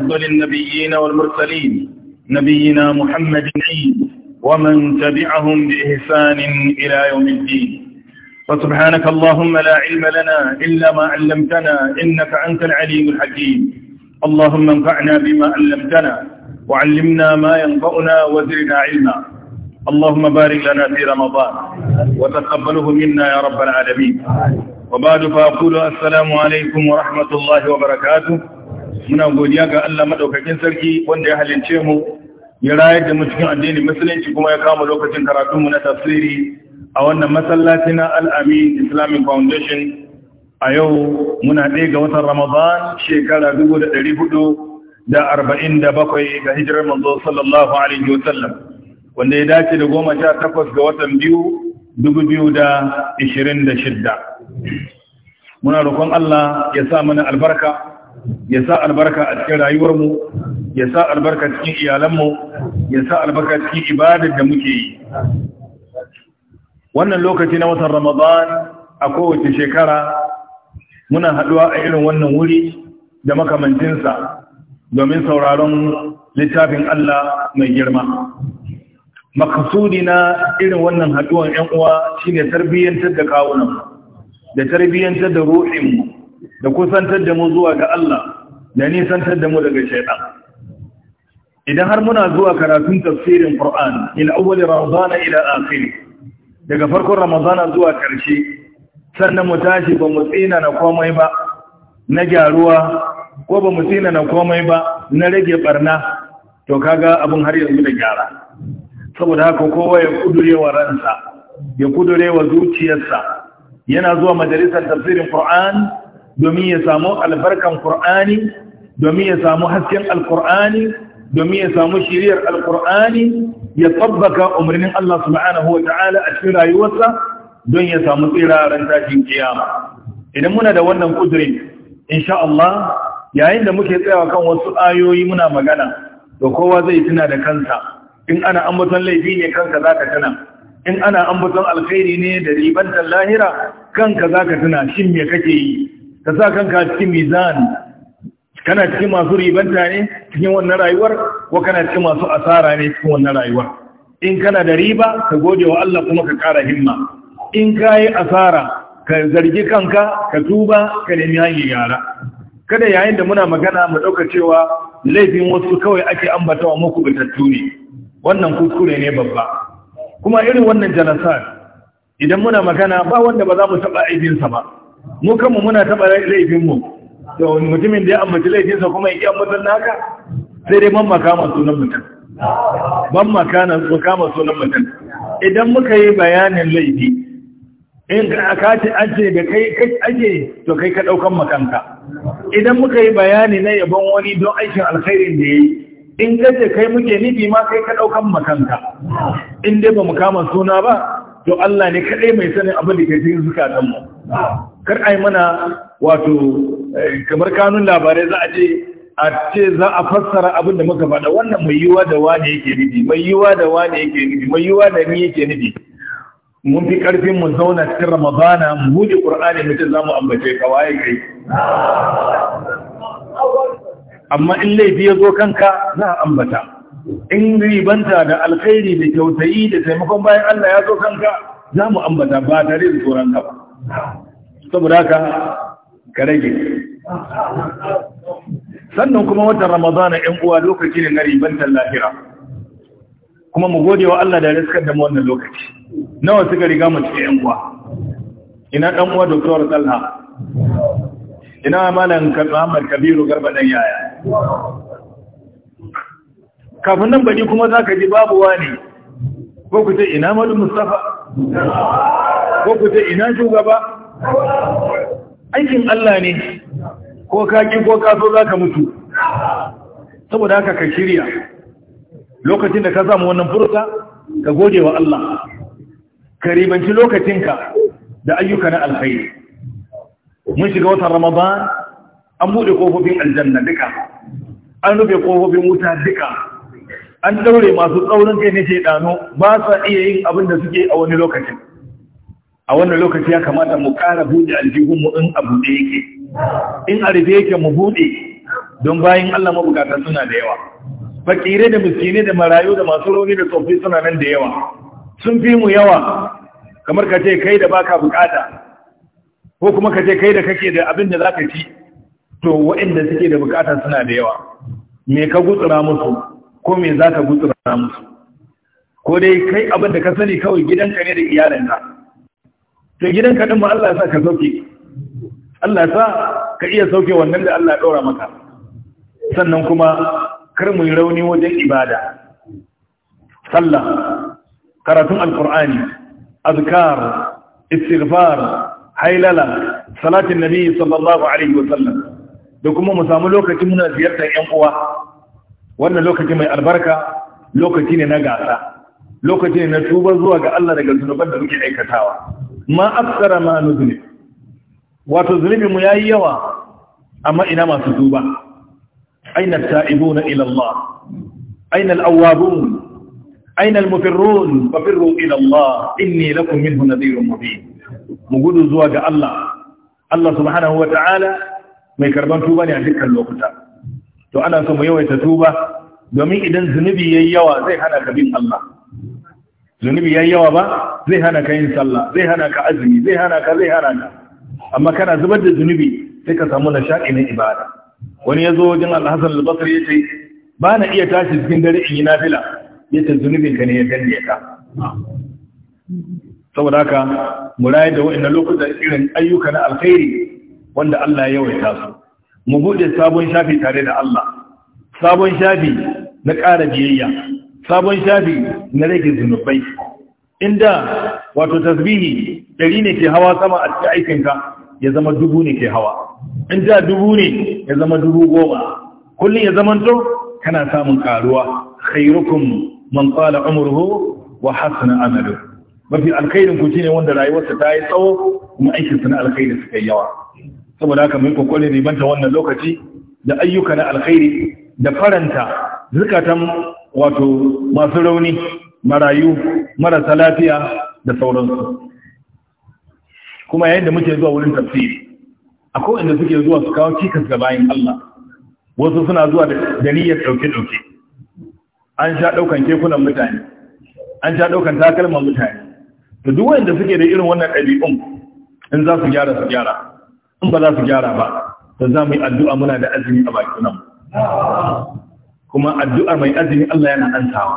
أفضل النبيين والمرسلين نبينا محمد عيد ومن تبعهم بإحسان إلى يوم الدين فسبحانك اللهم لا علم لنا إلا ما علمتنا إنك أنت العليم الحكيم اللهم انفعنا بما علمتنا وعلمنا ما ينفعنا وزرنا علما اللهم بارك لنا في رمضان وتقبله منا يا رب العالمين وبعد فأقول السلام عليكم ورحمة الله وبركاته muna godiya ga Allah madaukakin sarki wanda ya halince mu ya rayar da mu cikin addinin musulunci kuma ya kama lokacin karatunmu na tafsiri a wannan masallaci na Al-Amin Islamic Foundation a yau muna ɗaya ga watan Ramadan shekara 447 ga hijirar manzo sallallahu alaihi wasallam wanda ya dace da goma sha takwas ga watan biyu dubu biyu da ishirin da shidda muna roƙon Allah ya sa mana albarka ya sa albarka a cikin rayuwarmu ya sa albarka cikin iyalanmu ya sa albarka cikin ibadar da muke yi wannan lokaci na watan ramadan a kowace shekara muna haduwa a irin wannan wuri da makamancinsa domin sauraron littafin Allah mai girma makasudi na irin wannan haduwan 'yan uwa shine tarbiyyantar da kawunan da tarbiyyantar da ruhinmu da kusantar da mu zuwa ga Allah da nisantar da mu daga shaitan idan har muna zuwa karatun tafsirin Qur'an ila awwali Ramadana ila asiri. daga farkon Ramadana zuwa ƙarshe, sannan mu tashi ba mu tsina na komai ba na gyaruwa ko ba mu tsina na komai ba na rage barna to kaga abin har yanzu da gyara saboda haka kowa ya kudure wa ransa ya kudure wa zuciyarsa yana zuwa majalisar tafsirin Qur'an domin ya samu albarkan Kur'ani, domin ya samu hasken alkur'ani domin ya samu shiriyar alkur'ani ya tsabbaka umarnin Allah subhanahu wa ta'ala a cikin rayuwarsa don ya samu tsiraran tashin kiyama idan muna da wannan kudiri insha Allah yayin da muke tsayawa kan wasu ayoyi muna magana to kowa zai tuna da kansa in ana ambaton laifi ne kanka zaka tuna in ana ambaton alkhairi ne da ribantar lahira kanka zaka tuna shin me kake yi ka sa kanka cikin mizan kana cikin masu ribanta ne cikin wannan rayuwar ko kana cikin masu asara ne cikin wannan rayuwar in kana da riba ka gode wa Allah kuma ka kara himma in ka yi asara ka zargi kanka ka tuba ka nemi hanyar yara kada yayin da muna magana mu ɗauka cewa laifin wasu kawai ake ambatawa muku bitattu ne wannan kuskure ne babba kuma irin wannan jalasar idan muna magana ba wanda ba za mu taɓa aibinsa ba mu kanmu muna taɓa laifinmu da mutumin da ya ambaci laifinsa kuma ya ƙi na naka sai dai mamaka masu sunan mutum mamaka na mutum idan muka yi bayanin laifi in ka ce aje da kai aje to kai ka ɗaukan makanka idan muka yi bayani na yabon wani don aikin alkhairin da ya yi in gaje kai muke nufi ma kai ka ɗaukan makanka in dai ba mu kama suna ba to Allah ne kaɗai mai sanin abin da ke cikin zukatanmu kar a yi mana wato eh, kamar kanun labarai za a ce a ce za a fassara abin da muka faɗa wannan mai yiwa da wani yake nufi mai yiwa da wani yake nufi mai yiwa da ni yake nufi mun fi karfin mu zauna cikin ramadana mu buɗe ƙur'ani mutum za mu ambace ka waye kai amma in laifi ya zo kanka za a ambata in ribanta da alkhairi da kyautayi da taimakon bayan Allah ya zo kanka za mu ambata ba tare da tsoron ka ba saboda haka ka rage sannan kuma watan ramadana ‘yan uwa lokaci ne na ribantar lahira kuma mu gode wa Allah da riskar da mu wannan lokaci nawa suka riga mu cikin ‘yan uwa ina ɗan uwa doktor Talha ina malam Muhammad Kabiru Garba dan yaya kafin nan baɗi kuma za ka ji babu wani ko ku ce ina malu Mustafa ko ku ce ina shugaba aikin Allah ne ko kaki ko kaso za ka mutu saboda haka ka shirya lokacin da ka samu wannan furta ka gode wa Allah ka ribanci lokacinka da ayyuka na alfai mun shiga watan ramadan an buɗe kofofin aljanna duka an rufe kofofin wuta duka an daure masu tsaurin kai ne ɗano ba sa iya yin abin da suke a wani lokacin a wannan lokaci ya kamata mu ƙara buɗe mu in abu buɗe yake in a yake mu buɗe don bayan Allah mabukata suna da yawa fakire da miskine da marayu da masu rauni da tsofi suna nan da yawa sun fi mu yawa kamar ka ce kai da baka bukata ko kuma ka ce kai da kake da abin da zaka ci to waɗanda suke da bukata suna da yawa me ka gutsura musu ko me zaka gutsura musu ko dai kai abin da ka sani kawai gidanka ne da iyalinka. Sai gidan ka din Allah ya sa ka sauke Allah ya sa ka iya sauke wannan da Allah ya ɗora maka sannan kuma kar muyi yi rauni wajen ibada sallah karatun alkur'ani azkar istighfar hailala salatin nabi sallallahu alaihi wasallam da kuma mu samu lokacin muna ziyartar yan uwa wannan lokaci mai albarka lokaci ne na gasa lokaci ne na tuba zuwa ga Allah daga zunuban da muke aikatawa ma aksara ma nuzuni wato zulubinmu ya yi yawa amma ina masu tuba aina ta'ibuna ila Allah aina al-awwabun aina al-mufirrun fafirru ila Allah inni lakum minhu nadhirun mubin mu gudu zuwa ga Allah Allah subhanahu wa ta'ala mai karban tuba ne a dukkan lokuta to ana so mu yawaita tuba domin idan zunubi yayi yawa zai hana ka bin Allah zunubi yi yawa ba zai hana ka yin sallah zai hana ka azumi zai hana ka zai hana ka amma kana zubar da zunubi sai ka samu nishaɗi na ibada wani ya zo wajen alhassan albasar ya ce ba na iya tashi cikin dare in yi nafila ya ce ka ne ya danne ka saboda haka mu rayar da wa'annan lokutan irin ayyuka na alkhairi wanda Allah ya yawaita su mu buɗe sabon shafi tare da Allah sabon shafi na ƙara biyayya sabon shafi na rage zunubai inda wato tasbihi ɗari ne ke hawa sama a cikin aikinka ya zama dubu ne ke hawa inda dubu ne ya zama dubu goma kullum ya zama to kana samun karuwa khairukum man qala umruhu wa hasana amalu mafi alkhairin ku shine wanda rayuwarsa ta yi tsawo kuma aikin sa na alkhairi suka yi yawa saboda haka mun kokole ribanta wannan lokaci da ayyuka na alkhairi da faranta zikatan. wato masu rauni marayu marasa lafiya da sauransu kuma yayin da muke zuwa wurin tafsiri akwai inda suke zuwa su kawo cikas ga bayan Allah wasu suna zuwa da niyyar ɗauke-ɗauke an sha ɗaukan kekunan mutane an sha ɗaukan takalman mutane da duk wanda suke da irin wannan ɗabi'un in za su gyara su gyara in ba za su gyara ba to za mu yi addu'a muna da azumi a nan. kuma addu'ar mai azumi Allah yana antawa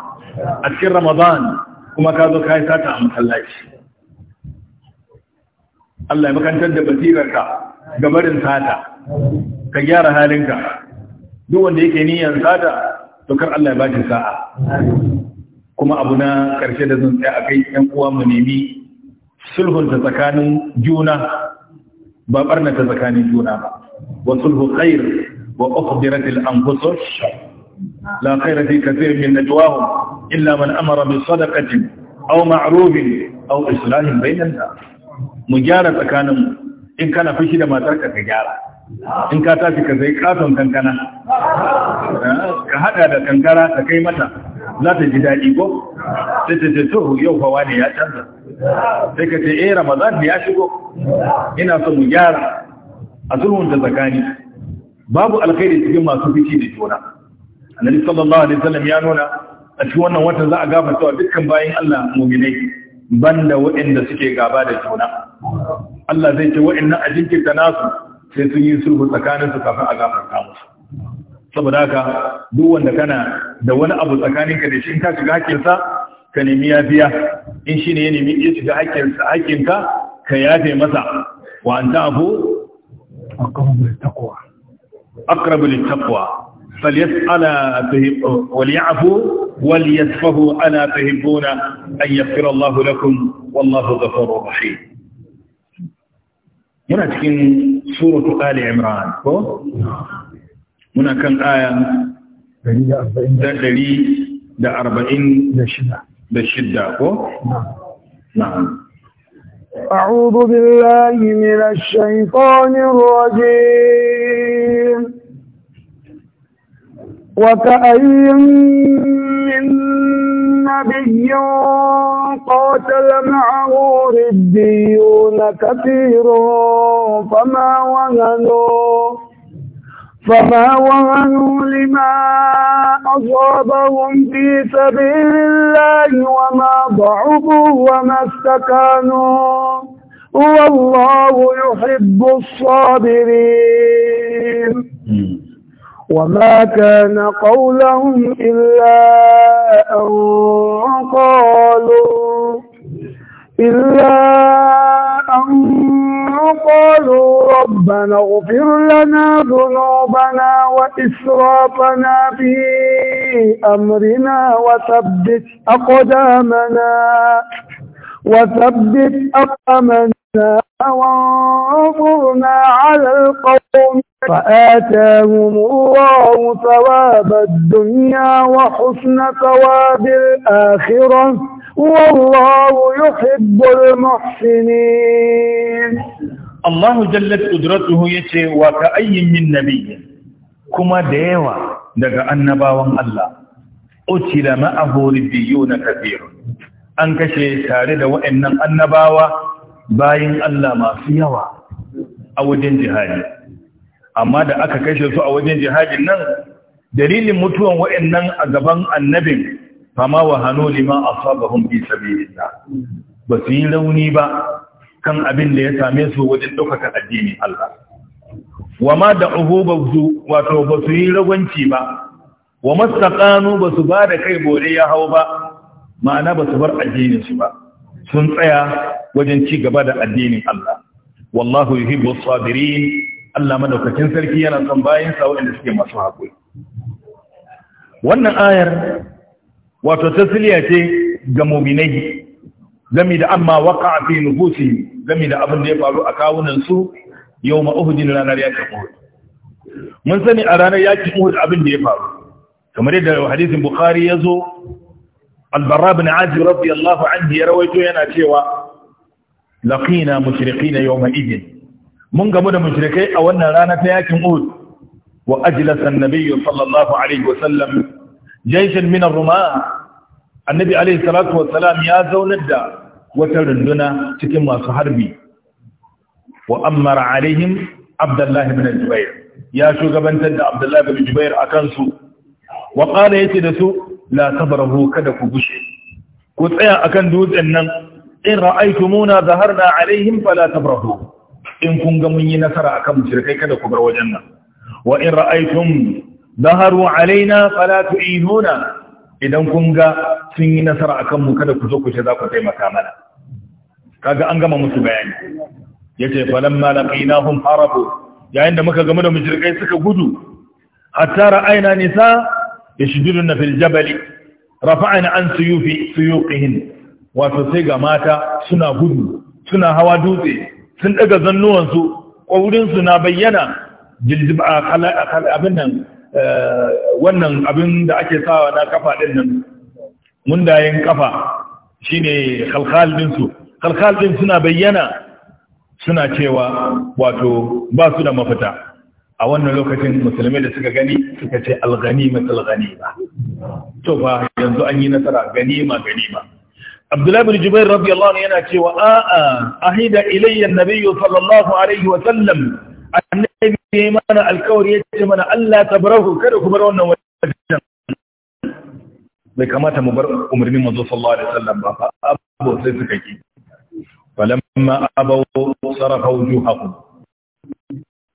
a cikin Ramadan kuma ka zo ka yi sata a masallaci Allah ya makantar da basirarka ga barin sata ka gyara halinka duk wanda yake niyyar sata to kar Allah ya ba sa'a kuma abu na karshe da zan a akai 'yan uwa mu nemi sulhunta tsakanin juna ba barna ta tsakanin juna ba wa sulhu khair wa ukhdirat al لا خير في كثير من نجواهم إلا من أمر بصدقة أو معروف أو إصلاح بين الناس مجارة كان إن كان فشي ما ترك تجارة in ka tafi ka zai katon kankana ka hada da kankara ka kai mata za ta ji daɗi ko sai yau fawa ya canza sai ka ce eh ramadan ne ya shigo ina so mu gyara a sulhun tsakani babu alkhairi cikin masu fici da juna annabi sallallahu alaihi wasallam ya nuna a cikin wannan watan za a gafarta dukkan bayin Allah mu'minai banda waɗanda suke gaba da juna Allah zai ce waɗannan a jinkirta nasu sai sun yi sulhu tsakanin su kafin a gafarta musu saboda haka duk wanda kana da wani abu tsakaninka da shi in ka shiga hakkinsa ka nemi yafiya in shi ne ya nemi ya shiga hakkinsa hakkinka ka yafe masa wa an ta'fu aqrabu lit taqwa aqrabu lit taqwa فليسأل وليعفوا وليسفهوا ألا تهبون أن يغفر الله لكم والله غفور رحيم هنا تكين سورة آل عمران هنا كان آية دليل دا أربعين بشدة نعم أعوذ بالله من الشيطان الرجيم وكأين من نبي قاتل معه ربيون كثير فما وهنوا فما وهنوا لما أصابهم في سبيل الله وما ضعفوا وما استكانوا والله يحب الصابرين وما كان قولهم إلا أن قالوا إلا أن قالوا ربنا اغفر لنا ذنوبنا وإسرافنا في أمرنا وثبت أقدامنا وثبت أقدامنا وانظرنا على القوم فآتاهم الله ثواب الدنيا وحسن ثواب الآخرة والله يحب المحسنين الله جلت قدرته يتي وكأي من نبي كما ديوة النبا وان الله أتل معه ربيون كثير شيء سارد وإن النباوة باين الله ما في يوى أو دين جهاجه amma da aka kashe su a wajen jihadin nan dalilin mutuwan wa'annan a gaban annabin fama wa hannu liman asabahum fi sabilillah ba su yi rauni ba kan abin da ya same su wajen ɗaukaka addinin Allah wa ma da uhubu wato ba su yi rawanci ba wa mastaqanu ba su ba da kai bore ya hau ba ma'ana ba su bar addinin su ba sun tsaya wajen ci gaba da addinin Allah wallahu yuhibbu sabirin Allah madaukakin sarki yana son sa wanda suke masu haƙuri wannan ayar wato tasliya ce ga mu'minai gami da amma waqa'a fi nufusi gami da abin da ya faru a kawunan su yawma uhudin ranar yakin uhud mun sani a ranar yakin uhud abin da ya faru kamar yadda hadisin bukhari yazo al-barra bin azib radiyallahu anhu ya rawaito yana cewa laqina mushrikina yawma idin mun gamu da mashirikai a wannan rana ta yakin Uhud wa ajlasa an sallallahu alaihi wasallam jayshan min ar-ruma annabi alaihi salatu wassalam ya zaunar da wata runduna cikin masu harbi wa amara alaihim Abdullahi ibn jubair ya shugabantar da Abdullahi ibn jubair akan su wa qala yace da su la tabrahu kada ku gushe ku tsaya akan dutsen nan in ra'aytumuna zaharna alaihim fala tabrahu in kun ga mun yi nasara akan mushrikai kada ku bar wajen nan wa in ra'aytum daharu alaina fala tu'inuna idan kun ga sun yi nasara akan mu kada ku zo ku ce za ku taimaka mana kaga an gama musu bayani yace falamma laqinahum harabu yayin da muka gamu da mushrikai suka gudu hatta ra'ayna nisa yashduduna fil jabal rafa'na an suyufi suyuqihin wato sai ga mata suna gudu suna hawa dutse sun daga zannuwansu ƙwaurinsu na bayyana abin nan eh, wannan abin da ake sawa na kafa ɗin nan mundayen kafa shi ne Halkal ɗin suna bayyana suna cewa wato ba su da mafita a wannan lokacin musulmai da suka gani suka ce algani matsalgani ba to ba yanzu an yi nasara ganima ba. Abdullahi bin Jubair radiyallahu anhu yana cewa a'a ahida ilayya an-nabiyyu sallallahu alaihi wa sallam annabi ya yi mana alkawari ya ce mana Allah ta tabaraka kada ku bar wannan wajen bai kamata mu bar umarnin manzo sallallahu alaihi wasallam ba fa abu sai suka ki falamma abaw sarafa wujuhahum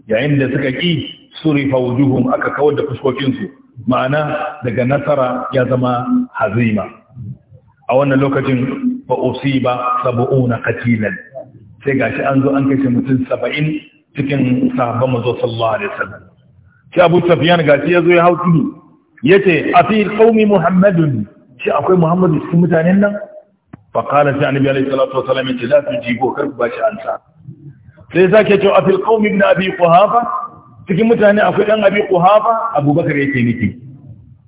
yayin da suka ki surifa wujuhum aka kawar da fuskokin su ma'ana daga nasara ya zama hazima a wannan lokacin ba usiba sab'una qatilan sai gashi an zo an kashe mutum saba'in cikin sahabban manzo sallallahu alaihi wasallam Sai Abu Sufyan gashi yazo ya hautu yace a afi qaumi muhammadun shi akwai muhammadu cikin mutanen nan fa qala sai annabi alaihi salatu wasallam yace la tujibu kar ba shi ansa sai zake sake cewa afi qaumi ibn abi quhafa cikin mutane akwai dan abi quhafa abubakar yake niki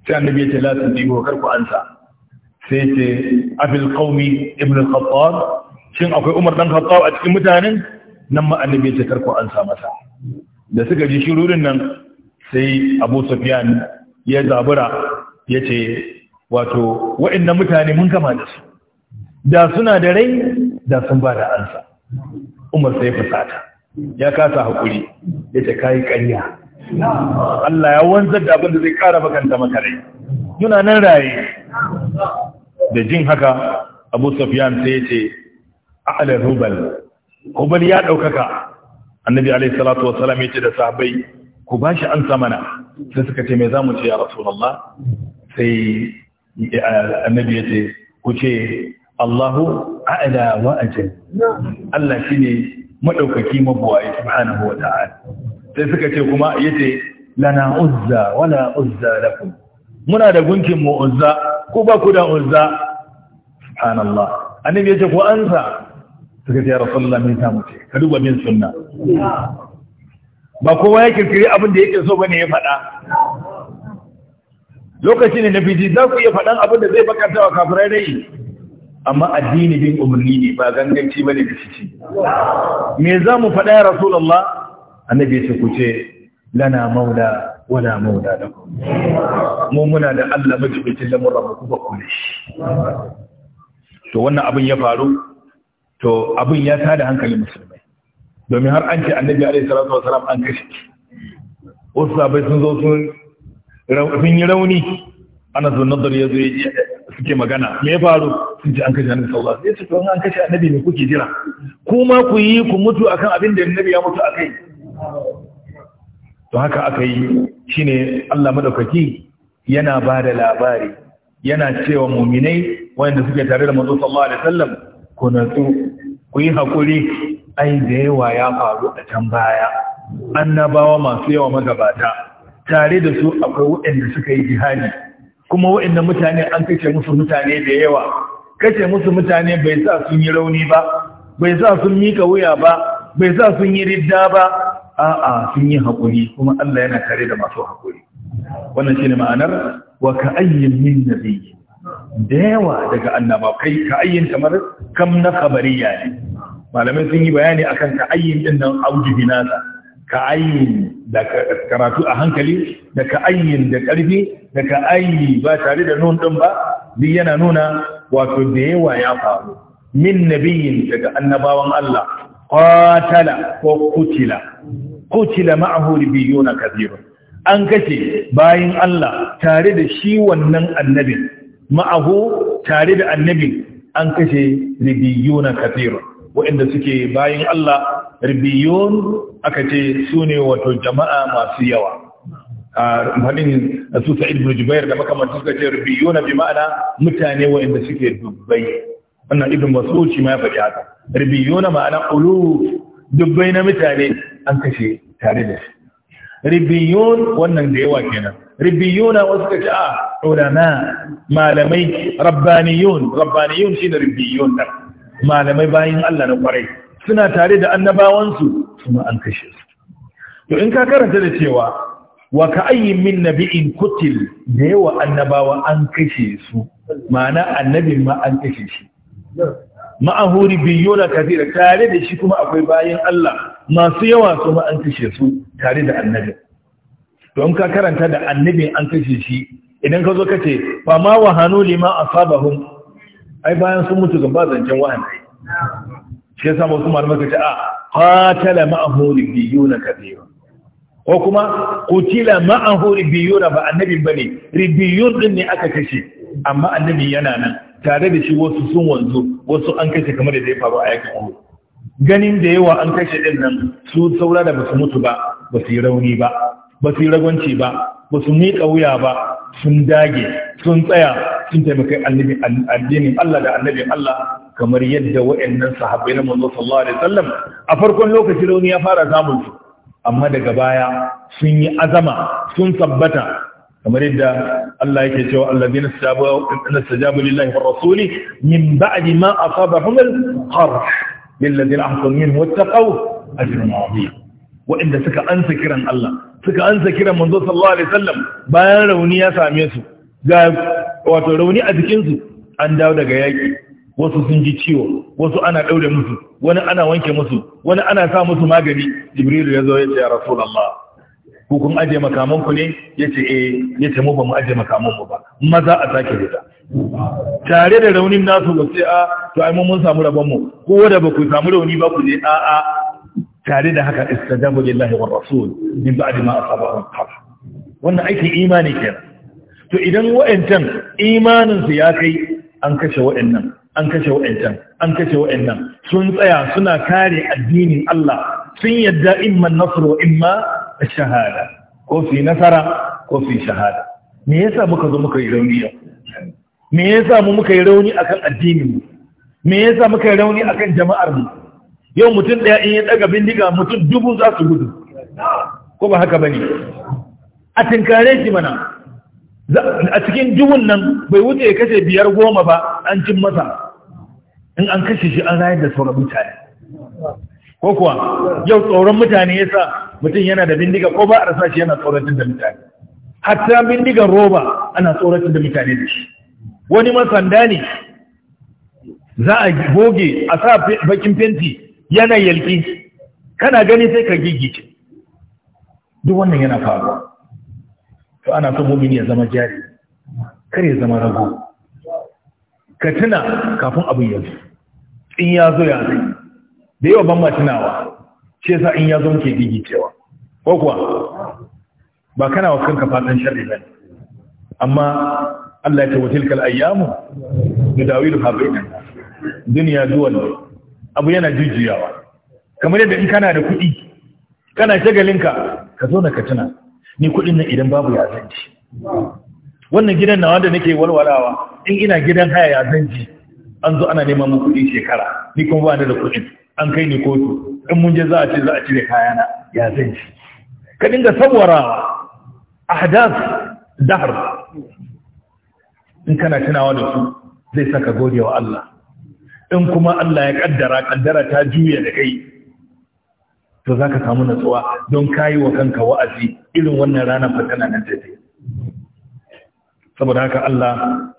sai annabi yace la tujibu kar ku ansa sai ce abin kaumi ibn al-khattab shin akwai Umar dan Khattab a cikin mutanen nan ma annabi ya tarko karko an sa masa da suka ji shirurin nan sai Abu Sufyan ya zabura ya ce wato wa'annan mutane mun gama da su da suna da rai da sun ba da ansa Umar sai fusata ya kasa hakuri ya ce kai ƙarya Allah ya wanzar da abin da zai kara bakanta maka rai muna nan raye da jin haka abu safiyan sai ce a'ala rubal Rubal ya ɗaukaka annabi alaihi salatu wasalam ya ce da sahabbai ku bashi shi an samana sai suka ce me za mu ce ya rasulallah sai eh, annabi yace ku ce Allahu a'ala wa ajal Allah shine madaukaki mabuwaye subhanahu wa ta'ala sai suka ce kuma yace lana uzza wala uzza lakum muna da gunkin mu uzza ko ba ku da uzza subhanallah annabi yace ko ansa suka ce ya rasulullahi min ta ka duba min sunna ba kowa ya kirkiri abin da yake so bane ya faɗa lokaci ne na fiji za ku iya faɗan abin da zai baka tawa kafirai rai amma addini bin umarni ne ba ganganci ba ne da shi me za mu faɗa ya rasulallah annabi ya ce ku ce lana maula wala maula lakum mu muna da Allah majibicin lamurra ba kuma kone shi to wannan abin ya faru to abin ya tada hankali musulmai domin har an ce annabi alaihi salatu wasalam an kashe wasu sabai sun zo sun yi rauni ana zo nadar ya zo ya ji suke magana me ya faru sun ce an kashe annabi sallallahu alaihi wasallam sai an kashe annabi ne kuke jira kuma ku yi ku mutu akan abin da annabi ya mutu akai to haka aka yi shi ne Allah madaukaki yana ba da labari yana cewa muminai wanda suke tare da mazo sallallahu alaihi wasallam ku natsu ku yi hakuri ai da yawa ya faru a can baya annabawa masu yawa magabata tare da su akwai waɗanda suka yi jihadi kuma waɗanda mutane an kace musu mutane da yawa kace musu mutane bai sa sun yi rauni ba bai sa sun mika wuya ba bai sa sun yi ridda ba a'a sun yi haƙuri kuma Allah yana kare da masu haƙuri wannan shine ma'anar wa ka min nabiyyi da yawa daga annaba kai kamar kam na ya ne malamai sun yi bayani akan kan ayyin din nan aujibinata nasa. ayyin da karatu a hankali da ka da ƙarfi da ka ba tare da nun din ba duk yana nuna wato da yawa ya faru min nabiyyin daga annabawan Allah qatala ko kutila la ma'ahu ribiyuna Kabiru. an kace bayin Allah tare da shi wannan annabin ma'ahu tare da annabin an kace nabiyuna Kabiru. wa'inda suke bayin Allah ribiyun aka ce sune wato jama'a masu yawa a fadin su sa'id ibn jubair da makamantu suka ce ribiyuna bi ma'ana mutane wa'anda suke dubbai wannan ibn mas'ud shi ma ya faɗi haka ribiyuna ma'ana ulu dubbai na mutane an kashe tare da shi ribiyun wannan da yawa kenan ribiyuna wasu ka ce a ah, ulama malamai rabbaniyun rabbaniyun shine ribiyun da malamai bayin Allah na kwarai suna tare da annabawansu kuma an kashe su to in ka karanta da cewa wa ka ayyin min nabi'in kutil da yawa annabawa an kashe su ma'ana annabin ma an kashe shi biyu na kafira tare da shi kuma akwai bayan Allah masu yawa kuma an kashe su tare da annabi to ka karanta da annabi an kashe shi idan ka zo ka ce fa ma wahanu lima asabahum ai bayan sun mutu gaba zancen wahan shi yasa wasu malamai ka ce a qatala biyu na kafira ko kuma qutila ma'ahuri ribiyuna ba annabi bane ribiyun din ne aka kashe amma annabi yana nan tare da shi wasu sun wanzu wasu an kashe kamar da ya faru a yakin Uhud ganin da yawa an kashe din nan su saura da basu mutu ba basu yi rauni ba basu yi ragwanci ba basu miƙa wuya ba sun dage sun tsaya sun taimaka annabi addinin Allah da annabi Allah kamar yadda wa'annan sahabbai na manzo sallallahu alaihi wasallam a farkon lokaci rauni ya fara samun su amma daga baya sun yi azama sun tabbata kamar yadda Allah yake cewa allazina istajabu lillahi wa rasuli min ba'di ma asabahum al-qarh lilladhina ahsanu minhum wattaqaw ajrun 'azim wa'inda suka ansa kiran Allah suka ansa kiran manzo sallallahu alaihi wasallam bayan rauni ya same su ga wato rauni a jikin su an dawo daga yaki wasu sun ji ciwo wasu ana daure musu wani ana wanke musu wani ana sa musu magani jibril ya zo ya ce ya rasulullah Ko kun aje makaman ku ne yace eh yace mu ba mu aje makaman mu ba maza a sake rida tare da raunin nasu ba sai a to ai mun samu rabon mu ko da ba ku samu rauni ba ku je a a tare da haka istajabu lillahi war rasul min ba'di ma asabahum qaf wannan aikin imani kenan to idan wa'antan imanin su ya kai an kashe wa'annan an kashe wa'antan an kashe wa'annan sun tsaya suna kare addinin Allah sun yadda imma nasru imma shahada ko fi nasara ko fi shahada me yasa muka zo muka yi rauni yau me yasa mu muka yi rauni akan addinin mu me yasa muka yi rauni akan jama'ar mu yau mutum ɗaya in ya ɗaga bindiga mutum dubu za su gudu ko ba haka bane a tinkare shi mana a cikin dubun nan bai wuce ya kashe biyar goma ba an cin masa in an kashe shi an rayar da sauran mutane ko kuwa yau tsoron mutane ya sa mutum yana da bindiga ko ba a rasa shi yana tsoratin da mutane hatta bindigar roba ana tsoratin da mutane da shi wani masanda ne za a goge a sa bakin fenti yana yalki kana gani sai ka gigice duk wannan yana faruwa to ana son mumini ya zama jari kar ya zama rago ka tuna kafin abin yanzu in ya zo ya zai da yawa ban matunawa. tunawa shi yasa in ya zo muke cewa. ko kuwa ba kana wa kanka fatan sharri ba amma Allah ya ce wa tilkal ayyamu nadawilu ha bainan duniya duwan abu yana jujjuyawa. kamar yadda in kana da kuɗi kana shagalinka ka zo na ka tuna ni kuɗin nan idan babu ya zanci wannan gidan nawa da nake walwalawa in ina gidan haya ya zanci an zo ana neman mu kuɗi shekara ni kuma ba ni da kuɗin an kai ni kotu in mun je za a ce za a cire kayana ya zan ci ka dinga sabuwar ahdas dahar in kana tunawa da su zai saka gode wa Allah in kuma Allah ya kaddara kaddara ta juya da kai to zaka samu natsuwa don kayi wa kanka wa'azi irin wannan ranar fa tana nan tafi saboda haka Allah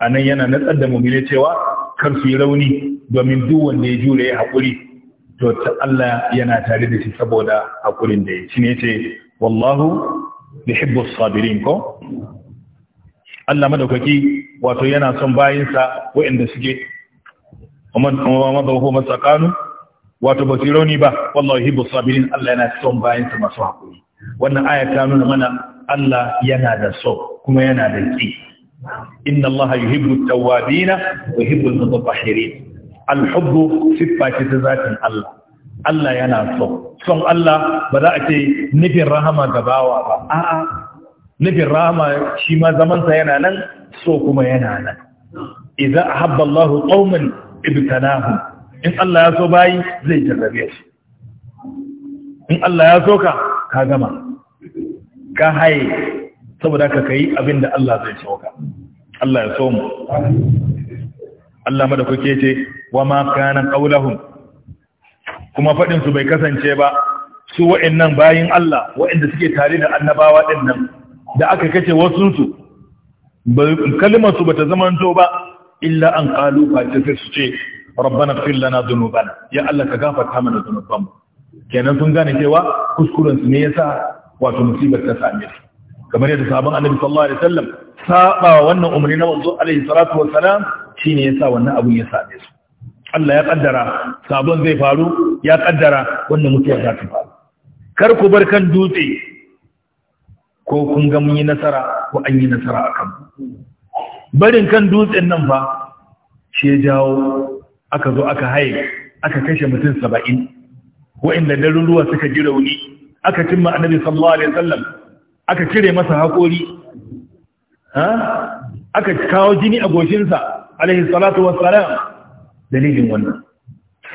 anan yana natsar da mu cewa kar su yi rauni domin duk wanda ya jure ya haƙuri to Allah yana tare da shi saboda hakurin da ya shi ne ce wallahu yuhibbu sabirin ko Allah madaukaki wato yana son bayinsa waɗanda suke amma ba ko tsakanu? wato ba tironi ba wallahu yuhibbu sabirin Allah yana son bayinsa masu hakuri wannan aya ta nuna mana Allah yana da so kuma yana da ki inna Allah yuhibbu tawwabina wa yuhibbu al-mutatahhirin alhubbu siffa ce ta zatin Allah Allah yana so son Allah ba za a ce nufin rahama ga bawa ba a'a nufin rahama shi ma zamansa yana nan so kuma yana nan idza ahabba Allahu qauman ibtanahum in Allah ya so bayi zai jarrabe shi in Allah ya so ka ka gama ka haye saboda ka kai abin da Allah zai so ka Allah ya so mu Allah madaukake ce wa ma kana qaulahum kuma fadin su bai kasance ba su wa'annan bayin Allah wa'anda suke tare da annabawa din nan da aka kace wasu su kalmar su bata zamanto ba illa an qalu fa sai su ce rabbana ighfir lana dhunubana ya Allah ka gafarta mana dhunubanmu kenan sun gane cewa kuskuren su ne yasa wato musibar ta same su kamar yadda sahabban annabi sallallahu alaihi wasallam saba wannan umarni na manzo alaihi salatu wassalam shi ne ya sa wannan abun ya same su Allah ya kaddara sabon zai faru ya kaddara wannan mutuwa za ta faru kar ku bar kan dutse ko kun ga mun yi nasara ko an yi nasara a kan barin kan dutsen nan fa shi ya jawo aka zo aka haye aka kashe mutum saba'in wa'inda daruruwa suka ji rauni aka cimma annabi sallallahu alaihi wasallam aka cire masa haƙori aka kawo jini a goshinsa alaihi salatu wassalam dalilin wannan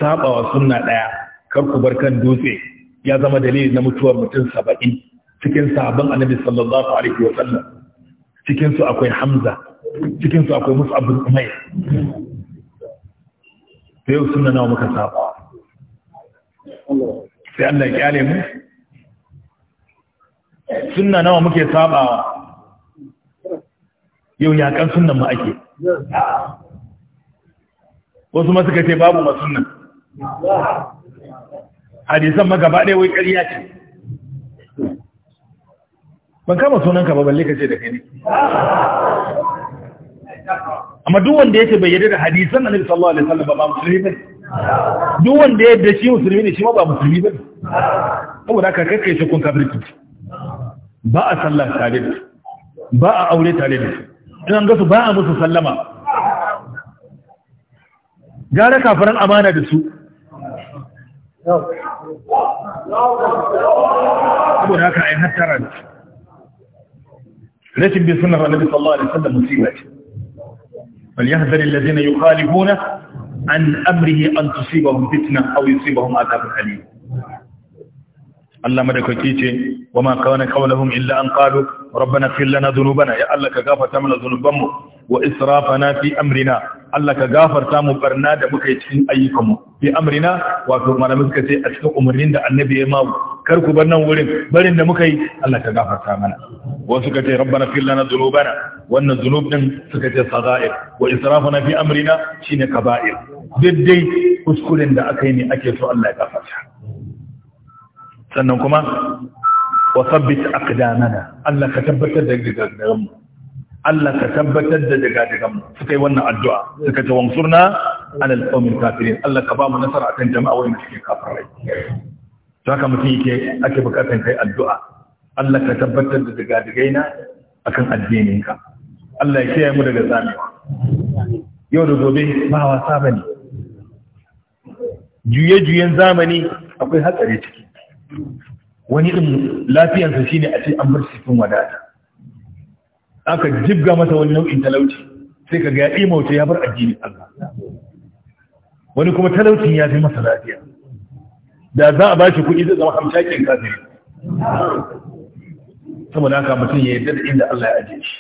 sabawa sunna daya kar ku bar kan dutse ya zama dalili na mutuwar mutum 70 cikin sahabban annabi sallallahu alaihi wasallam cikin su akwai hamza cikin su akwai mus'ab bin umayr yau sunna nawa muka sabawa sai Allah ya kyale mu sunna nawa muke sabawa yau ya kan sunnan mu ake wasu masu suka ce babu masunan hadisan ma gaba ɗaya wai ƙarya ce ban kama sunanka ba balle ka ce da kai ne amma duk wanda yake bai yarda da hadisan annabi sallallahu alaihi wasallam ba musulmi ne? duk wanda ya yarda shi musulmi ne shi ma ba musulmi ba saboda haka kakkai shi kun kafirci ba a sallah tare da ba a aure tare da in an gasu ba a musu sallama gara kafaran amana da su saboda haka a yi hattara da rashin bin sunan annabi sallallahu alaihi wasallam musiba ce bal yahzar alladhina yukhalifuna an amrihi an tusibahum fitna aw yusibahum adhabun alim Allah madaukaki ce wa ma kana qawluhum illa an qalu rabbana ighfir lana dhunubana ya Allah ka gafarta mana dhunubanmu wa israfana fi amrina Allah ka gafarta mu barna da muka yi cikin ayyukanmu fi amrina wato malamin suka ce a cikin umarnin da annabi ya mawu kar ku bar nan wurin barin da muka yi Allah ka gafarta mana wasu suka ce rabbana ighfir lana dhunubana wannan dhunub din suka ce sagair wa israfana fi amrina shine kaba'ir duk dai kuskuren da aka yi ne ake so Allah ya gafarta sannan kuma wa sabbit aqdamana Allah ka tabbatar da dagadagan mu Allah ka tabbatar da dagadagan mu suka yi wannan addu'a suka ce wansurna alal qawmil kafirin Allah ka ba mu nasara akan jama'a wanda suke kafirai to haka mutum yake ake bukatan kai addu'a Allah ka tabbatar da dagadagaina akan addininka Allah ya kiyaye mu daga tsamewa yau da gobe ba wasa bane juye-juyen zamani akwai hatsari ciki wani ɗin lafiyarsa shi ne a ce an bar cikin wadata aka jibga masa wani nau'in talauci sai ka ga ya wuce ya bar addinin Allah wani kuma talaucin ya fi masa lafiya da za a ba shi kuɗi zai zama hamshakin kafin. saboda haka mutum ya yarda da inda Allah ya ajiye shi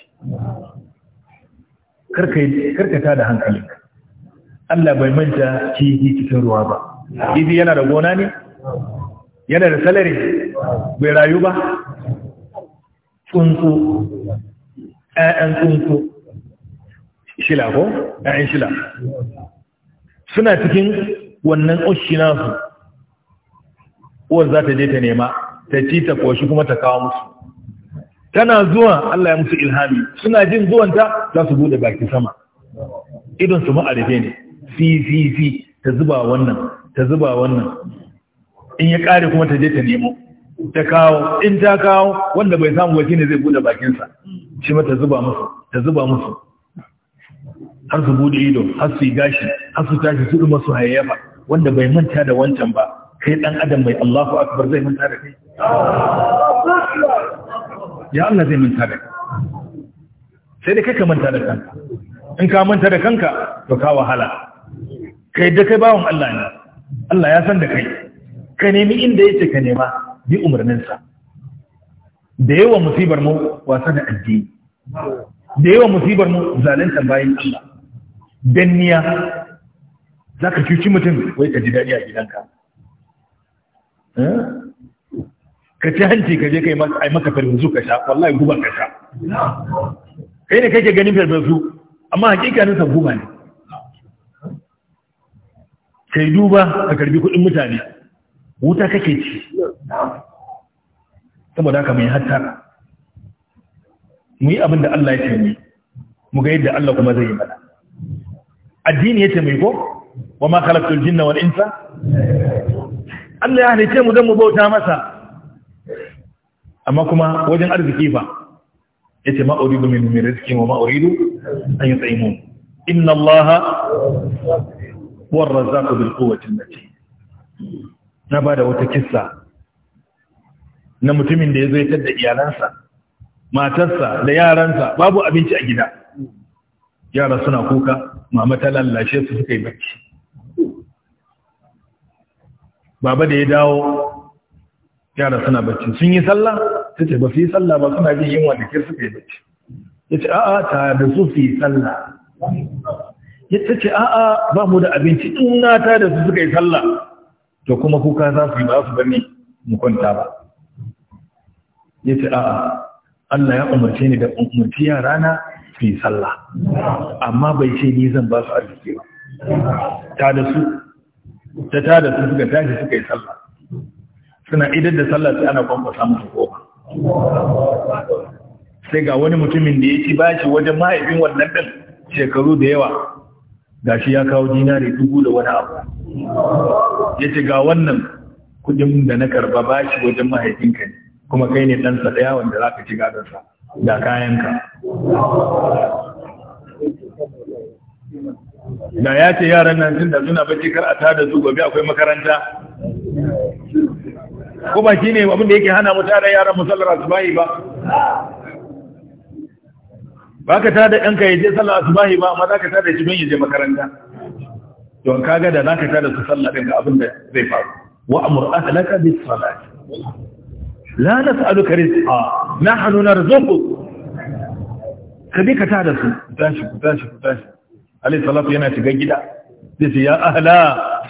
karkata da hankali. Allah bai manta ki yi ruwa ba idi yana da gona ne yana da salari bai rayu ba tsunku ɗan tsunku shila ko ɗan shila suna cikin wannan ƙoshi nasu uwar za ta je ta nema ta ci ta koshi kuma ta kawo musu tana zuwa Allah ya musu ilhami suna jin zuwanta za su bude baki sama idon su ma'arife ne fi fi fi ta zuba wannan ta zuba wannan in ya kare kuma ta je ta nemo ta kawo in ta kawo wanda bai samu wakili zai bude bakinsa shi mata ta zuba musu ta zuba musu har su bude ido har su yi gashi har su tashi su duma su hayayyafa wanda bai manta da wancan ba kai dan adam mai Allahu akbar zai manta da kai ya Allah zai manta da kai sai da kai ka manta da kanka in ka manta da kanka to ka wahala kai da kai bawon Allah ne Allah ya san da kai ka nemi inda yake ka nema bi umarninsa da yawan musibar mu wasa da addini da yawan musibar mu zalunta bayan Allah danniya za ka cuci mutum wai ka ji daɗi a gidanka eh? ka ci hanci ka je ka yi maka farfesu ka sha wallahi guba ka sha kai ne kake ganin farfesu amma hakikanin sa guba ne kai duba ka karbi kuɗin mutane wuta kake ci saboda haka mai hattara mu yi abin da Allah ya taimai, mu ga yadda Allah kuma zai yi mana addini ya ce mai ko wa ma khalaqtul jinna wal insa Allah ya halice mu dan mu bauta masa amma kuma wajen arziki fa yace ma uridu min min rizqi wa ma uridu an yut'imun inna Allah huwa ar-razzaqu bil quwwati al-matin na ba da wata kissa na mutumin da ya zaitar da iyalansa matarsa da yaransa babu abinci a gida yara suna kuka mama ta lallashe su suka yi bacci baba da ya dawo yara suna bacci sun yi sallah ta ce ba su yi sallah ba suna jin yunwa da kir suka yi bacci ya ce a'a ta da su su yi sallah ya ce a'a ba mu da abinci in na ta da su suka yi sallah to kuma kuka za su yi ba su bane mu kwanta ba ya ce a'a Allah ya umarce ni da umarci yarana su yi sallah amma bai ce ni zan ba su arziki ba ta da su ta ta da su suka tashi suka yi sallah suna idan da sallah sai ana kwankwasa su koma sai ga wani mutumin da ya ci bashi wajen mahaifin wannan ɗin shekaru da yawa Ga shi ya kawo dinari dubu da wani abu ya ce ga wannan kudin da na karba bashi wajen mahaifinka ne kuma kai ne ɗansa ɗaya wanda za ka ci gadarsa da kayanka da ya ce yaran nan tun da suna bacci kar a da su gobe akwai makaranta ko shi ne abinda yake hana mu tada yaran musallar asubahi ba ba ka da ɗanka ya je sallar asubahi ba amma za ka da shi don ya je makaranta don kaga da zaka tada su sallah din ga abin da zai faru wa amur ahlaka bis salat la nas'aluka rizqa nahnu narzuqu kabi ka tada su tashi ku tashi ku tashi alayhi salatu yana shiga gida sai ce ya ahla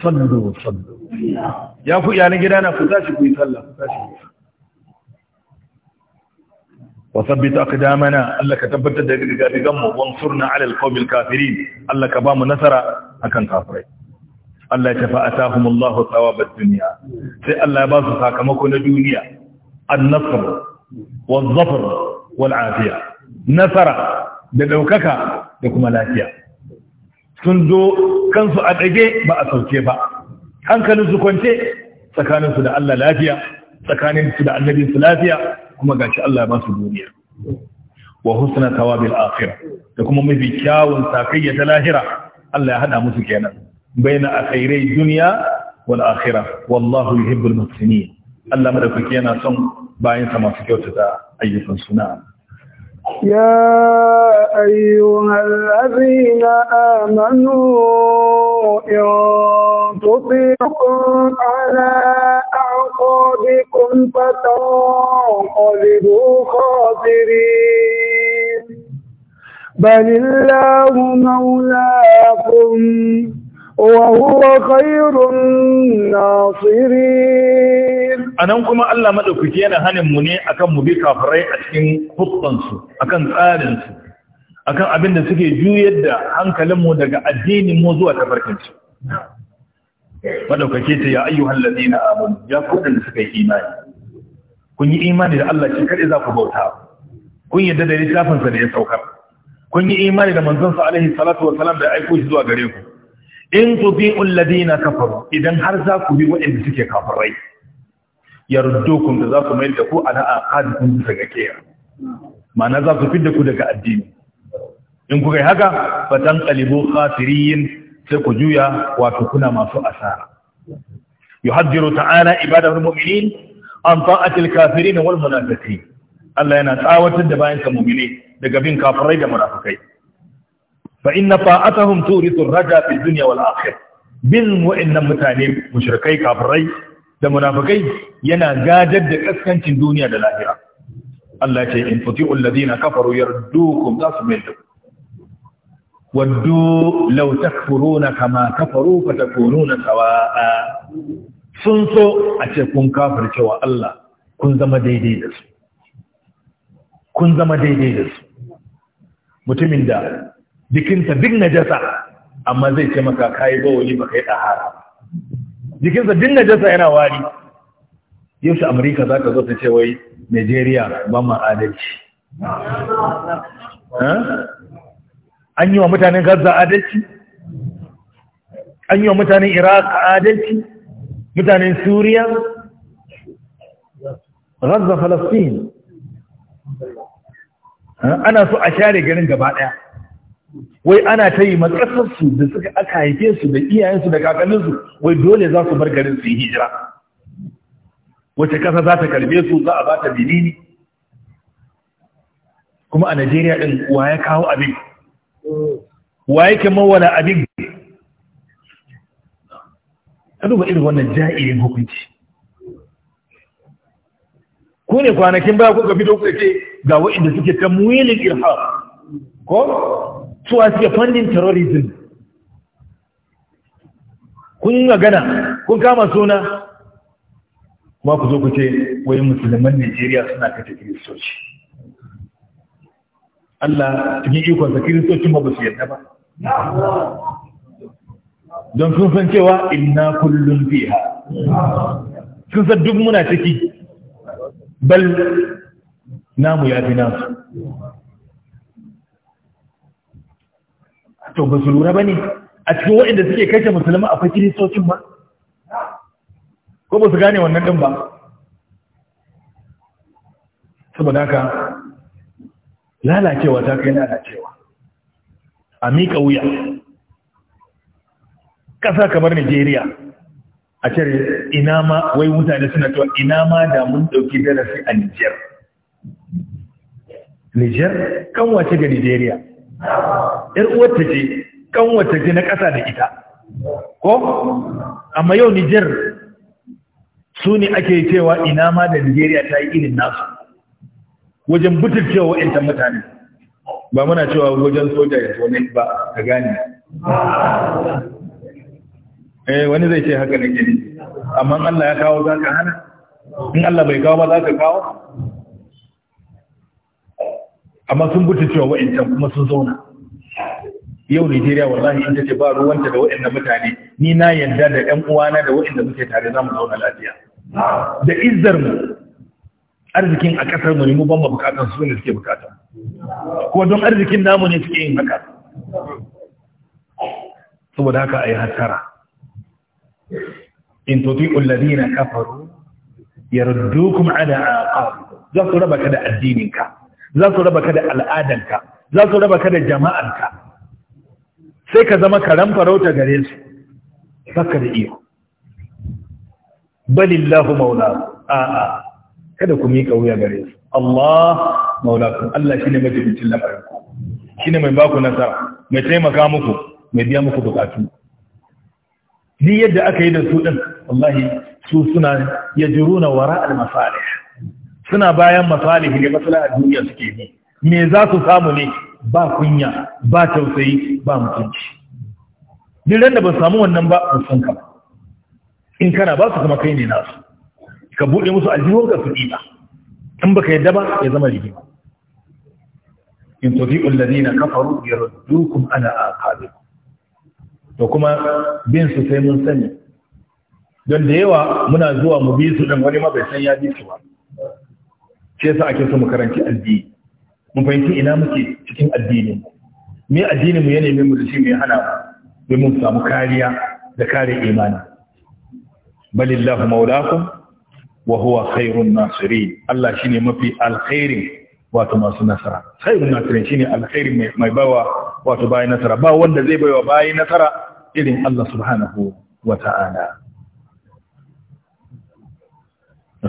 sallu sallu ya ku iyalan gida na ku tashi ku yi sallah ku tashi وثبت أقدامنا ألك تبت دقام وانصرنا على القوم الكافرين ألك بام نصر أكن كافرين الله يتفأتاهم الله ثواب الدنيا سي الله يباسو ساكمكو الدنيا النصر والظفر والعافية نصر دقوكك دقم الاتيا سندو كنسو أدعجي بأسوكي بأ هنك نسو كنتي سكانسو لألا لاتيا سكانسو لأنبي سلاتيا kuma gashi Allah ya ba su duniya wa husna thawabil akhira da kuma mafi kyawun sakayya ta lahira Allah ya hada musu kenan baina akhairai duniya, wal akhira wallahu yuhibbul muhsinin Allah madaukaki yana son bayan sa masu kyautata ayyukan suna يا أيها الذين آمنوا إن تطيعوا على أحاط بكم فتنقلبوا خاسرين بل الله مولاكم وهو خير الناصرين anan kuma Allah madaukaki yana hanin mu ne akan mu bi kafirai a cikin hukunsu akan tsarin su akan abin da suke juyar da hankalinmu daga addininmu zuwa tafarkin madaukake ta ya ayyuhal ladina amanu ya kuɗin da suka yi imani kun yi imani da Allah shi kaɗai za ku bauta kun yadda da littafinsa da ya saukar kun yi imani da manzon sa alaihi salatu wa salam da aiko shi zuwa gare ku in bi tuti'u alladina kafaru idan har za ku bi waɗanda suke kafirai yardukum da za ku mai da ku ala aqadikum daga kiya ma'ana za ku fidda ku daga addini in ku kai haka fatan qalibu khasirin sai ku juya wato kuna masu asara yuhaddiru ta'ala ibadahul mu'minin an ta'atil kafirin wal munafiqin Allah yana tsawatar da bayan ka mu'mine daga bin kafirai da munafikai fa inna ta'atuhum turithu raja fi dunya wal akhirah bin wa'annan mutane mushrikai kafirai da munafikai yana gadar da kaskancin duniya da lahira Allah ya ce in tuti'u alladhina kafaru yardukum tasmilu waddu law takfuruna kama kafaru fatakununa sawa'a sun so a ce kun kafirce wa Allah kun zama daidai da su kun zama daidai da su mutumin da jikinsa duk najasa amma zai ce maka kayi bawali ba kai yi ba jikinsa duk najasa yana wari yau shi amurka za ka zo ta ce wai nigeria ba ma adalci an yi wa mutanen gaza adalci an yi wa mutanen iraq adalci mutanen suriya gaza falastin ana so a share garin gaba daya wai ana ta yi matsasarsu da suka aka haife su da iyayensu da kakanninsu wai dole za su bar garin su yi hijira wace kasa za ta karbe su za a ba ta kuma a najeriya ɗin wa ya kawo abin Waye ke mawala abin ka duba irin wannan ja'irin hukunci ko ne kwanakin baya kuka fito kuka ce ga inda suke ta muwilin irha? ko suwa suke funding terrorism kun magana kun kama suna ma ku zo ku ce wai musulman Najeriya suna kace kiristoci Allah cikin ikonsa kiristocin ba su yadda ba don sun san cewa inna kullum fiha sun san duk muna ciki bal namu ya fi nasu to ba su lura ba ne a cikin waɗanda suke kashe musulma akwai kiristocin ba ko ba su gane wannan ɗin ba saboda haka lalacewa ta kai lalacewa a miƙa wuya ƙasa kamar Nijeriya a cire ina ma wai mutane suna cewa ina ma da mun ɗauki darasi a Nijar. Nijar kanwace ga Nijeriya, ‘yar uwarta ce kanwata ce na ƙasa da ita, ko? Amma yau Nijar su ne ake cewa ina ma da Nijeriya ta yi irin nasu. wajen butulcewa wa'inta mutane ba muna cewa wajen soja ya tone ba ka gane eh wani zai ce haka nake gini, amma Allah ya kawo za ka hana in Allah bai kawo ba za ka kawo amma sun butulcewa wa'inta kuma sun zauna yau Nigeria wallahi in ce ba ruwanta da waɗannan mutane ni na yarda da 'yan uwana da waɗanda muke tare za mu zauna lafiya da izarmu. arzikin a ƙasar mu ne mu ban ma su ne suke bukata kuma don arzikin namu ne suke yin haka saboda haka ayi hasara in tuti'u alladhina kafaru yardukum ala aqab za su raba ka da addininka za su raba ka da al'adanka za su raba ka da jama'anka sai ka zama karan farauta gare su baka da iyo balillahu maula a'a kada ku miƙa wuya gare su Allah maulakum Allah shine majibincin lafarin ku shine mai baku nasara mai taimaka muku mai biya muku bukatu ni yadda aka yi da su din wallahi su suna yajruna wara al masalih suna bayan masalih ne maslahar duniya suke ne me za su samu ne ba kunya ba tausayi ba mutunci duk da ba samu wannan ba sun kama in kana ba su kuma kai ne nasu ka buɗe musu aljihunka su ɗiba in baka yadda ba ya zama rigima in tafi'ul ladina kafaru yardukum ala aqabikum to kuma bin su sai mun sani don da yawa muna zuwa mu bi su dan wani ma bai san ya bi su ba sai yasa ake so mu karanci addini mun fahimci ina muke cikin addini me addini mu ya neme mu da shi me hana mu mun samu kariya da kare imani balillahu maulakum وهو خير الناصرين الله شيني مفي الخير واتو ماسو نصرة خير الناصرين شيني الخير مي باوا واتو باي نصرة باوا وانا زي باوا باي إذن الله سبحانه وتعالى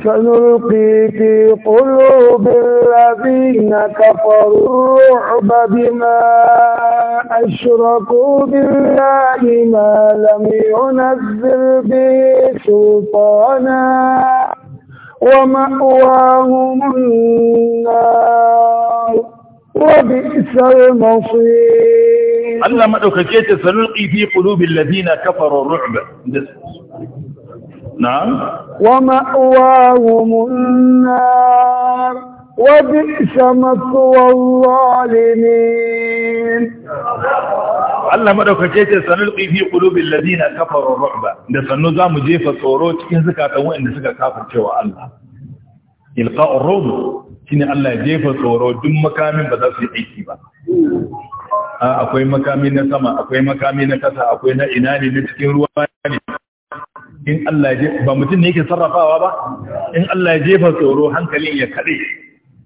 سنلقي في قلوب الذين كفروا الرعب بما أشركوا بالله ما لم ينزل به سلطانا ومأواهم النار وبئس المصير الله ما ce فنلقي في قلوب الذين كفروا الرعب نعم ومأواهم النار وبئس مثوى الظالمين Allah madaukake ce sanulqi fi qulubil ladina kafaru ru'ba da sannu mu jefa tsoro cikin zakatan wanda suka kafirce wa Allah ilqa'ur ru'b shine Allah ya jefa tsoro duk makamin ba za su yi aiki ba akwai makami na sama akwai makami na kasa akwai na ina ne na cikin ruwa ne in Allah ya ba mutum ne yake sarrafawa ba in Allah ya jefa tsoro hankalin ya kade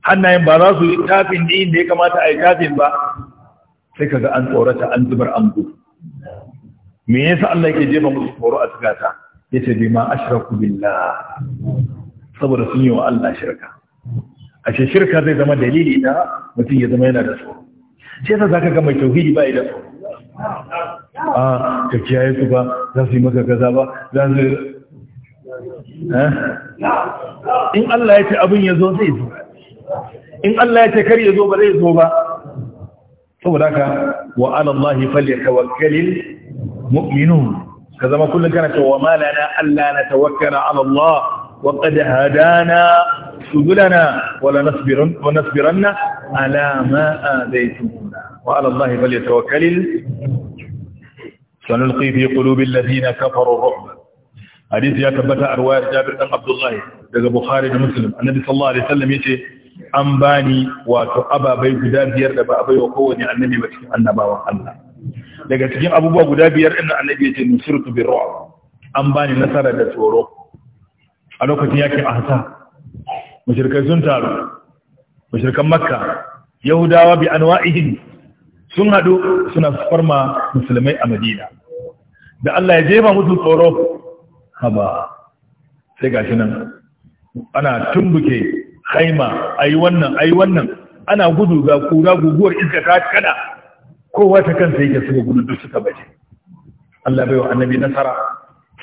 hannayen ba za su yi tafin din da ya kamata a yi tafin ba sai ga an tsorata an zubar an gudu me yasa Allah yake jefa musu tsoro a tsakata yace bi ma ashraku billah saboda sun yi wa Allah shirka ashe shirka zai zama dalili na mutum ya zama yana da tsoro sai yasa zaka ga mai tauhidi ba ya da tsoro a ah, ka kiyaye su ba za su yi maka kaza ba za su eh? in Allah ya ce abin ya zo zai zo in Allah ya ce kar ya zo ba zai zo ba saboda haka wa ala Allah falyatawakkalul mu'minun ka zama kullum kana cewa ma lana alla natawakkala ala Allah wa qad hadana subulana wa la nasbirun alama a ala ma adaytumuna wa ala Allah falyatawakkalul sanulqi fi qulubi alladhina kafaru ar-ru'ba hadisi ya tabbata a riwayar Jabir ɗan Abdullahi daga Bukhari da Muslim annabi sallallahu alaihi wasallam yace an bani wato ababai guda biyar da ba a baiwa kowane annabi ba cikin annabawan Allah daga cikin abubuwa guda biyar ɗin annabi ya ce nusirtu bi ru'a an bani nasara da tsoro a lokacin yakin ahsa mushrikai sun taru mushrikan makka yahudawa bi anwa'ihim sun hadu suna farma musulmai a madina da Allah ya jefa musu tsoro haba sai gashi nan ana tumbuke haima ayi wannan ayi wannan ana gudu ga kura guguwar iska ta kada kowa ta kansa yake suka gudu duk suka baje Allah bai wa annabi nasara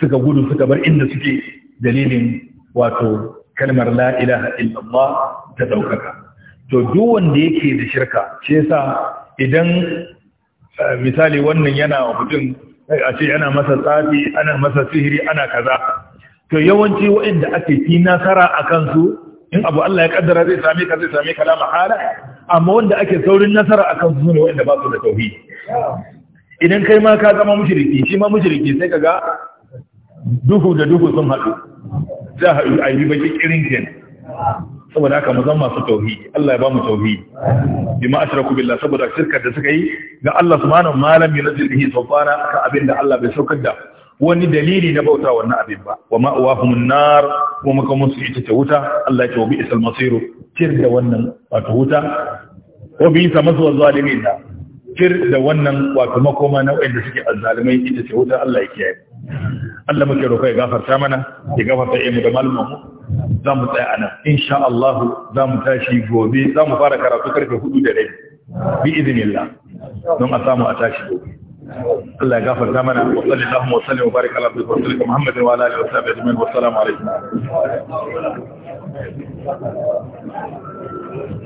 suka gudu suka bar inda suke dalilin wato kalmar la ilaha illallah ta daukaka to duk wanda yake da shirka shi yasa idan misali wannan yana wa a ce ana masa tsafi ana masa sihiri ana kaza to yawanci waɗanda ake fi nasara a kansu in abu Allah ya kaddara zai same ka zai same ka la mahala amma wanda ake saurin nasara akan su ne wanda ba su da tauhidi idan kai ma ka zama mushriki shi ma mushriki sai kaga duhu da duhu sun haɗu za a yi ayi baki kirin ken saboda haka mu zama masu tauhidi Allah ya ba mu tauhidi bima ashraku billah saboda shirkar da suka yi ga Allah subhanahu wa ta'ala bi nazilihi sultana ka abinda Allah bai saukar da wani dalili na bauta wannan abin ba wa ma'awahumun nar kuma makamun su ita ce wuta Allah ya ce wa bi isal masiru cir da wannan wato wuta wa bi isa masu zalimin na kir da wannan wato makoma na wanda suke azzalimai ita ce wuta Allah ya kiyaye Allah muke roƙa ya gafarta mana ya gafarta mu da malumman mu za mu tsaya anan insha Allah za mu tashi gobe za mu fara karatu karfe 4 da rabi bi idinillah don a samu a tashi gobe Allah ya gafarta mana wa sallallahu wa sallam wa barik ala abdihi wa Muhammad wa ala alihi wa sahbihi ajma'in wa assalamu alaikum